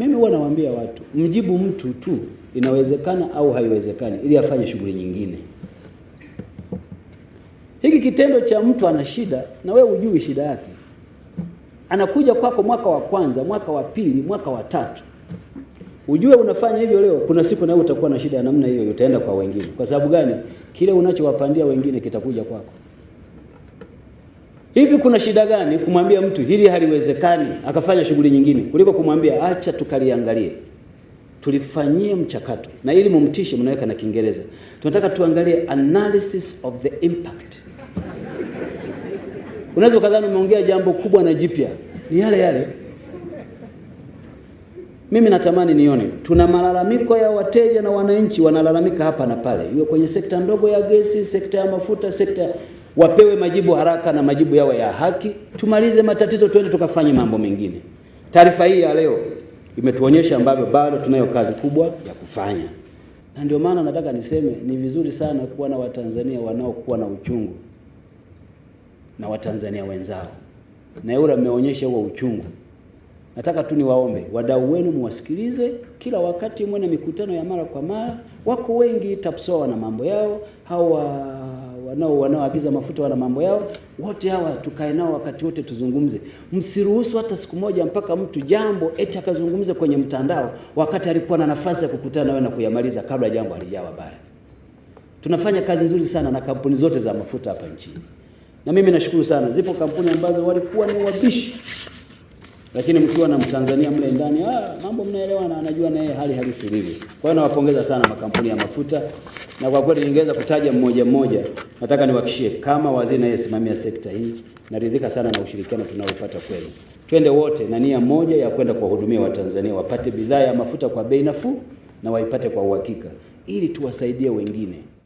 Mimi huwa nawaambia watu mjibu mtu tu inawezekana au haiwezekani, ili afanye shughuli nyingine. Hiki kitendo cha mtu ana shida na wewe ujui shida yake, anakuja kwako mwaka wa kwanza, mwaka wa pili, mwaka wa tatu, ujue unafanya hivyo leo, kuna siku nawe utakuwa na shida ya namna hiyo, utaenda kwa wengine. Kwa sababu gani? Kile unachowapandia wengine kitakuja kwako. Hivi kuna shida gani kumwambia mtu hili haliwezekani akafanya shughuli nyingine kuliko kumwambia acha tukaliangalie tulifanyie mchakato, na ili mumtishe, mnaweka na Kiingereza, tunataka tuangalie analysis of the impact. Unaweza ukadhani umeongea jambo kubwa na jipya, ni yale yale. Mimi natamani nione, tuna malalamiko ya wateja na wananchi wanalalamika hapa na pale, iwe kwenye sekta ndogo ya gesi, sekta ya mafuta, sekta wapewe majibu haraka na majibu yao ya haki, tumalize matatizo, tuende tukafanye mambo mengine. Taarifa hii ya leo imetuonyesha ambavyo bado tunayo kazi kubwa ya kufanya, na ndio maana nataka niseme ni vizuri sana kuwa na Watanzania wanaokuwa na uchungu na Watanzania wenzao, na EWURA mmeonyesha huo uchungu. Nataka tu niwaombe wadau wenu muwasikilize, kila wakati mwene mikutano ya mara kwa mara. Wako wengi TAPSOA na mambo yao hawa wanao wanaoagiza mafuta wana mambo yao, wote hawa tukae nao wakati wote tuzungumze. Msiruhusu hata siku moja mpaka mtu jambo eti akazungumze kwenye mtandao wakati alikuwa na nafasi ya kukutana nawe na kuyamaliza kabla jambo halijawa baya. Tunafanya kazi nzuri sana na kampuni zote za mafuta hapa nchini, na mimi nashukuru sana, zipo kampuni ambazo walikuwa ni wabishi lakini mkiwa na Mtanzania mle ndani ah, mambo mnaelewa na anajua yeye hali halisi ilivyo. Kwa hiyo nawapongeza sana makampuni ya mafuta, na kwa kweli ningeweza kutaja mmoja mmoja. Nataka niwahakishie kama waziri nayesimamia sekta hii, naridhika sana na ushirikiano tunaopata kwenu. Twende wote na nia moja ya kwenda kuwahudumia Watanzania wapate bidhaa ya mafuta kwa bei nafuu na waipate kwa uhakika, ili tuwasaidie wengine.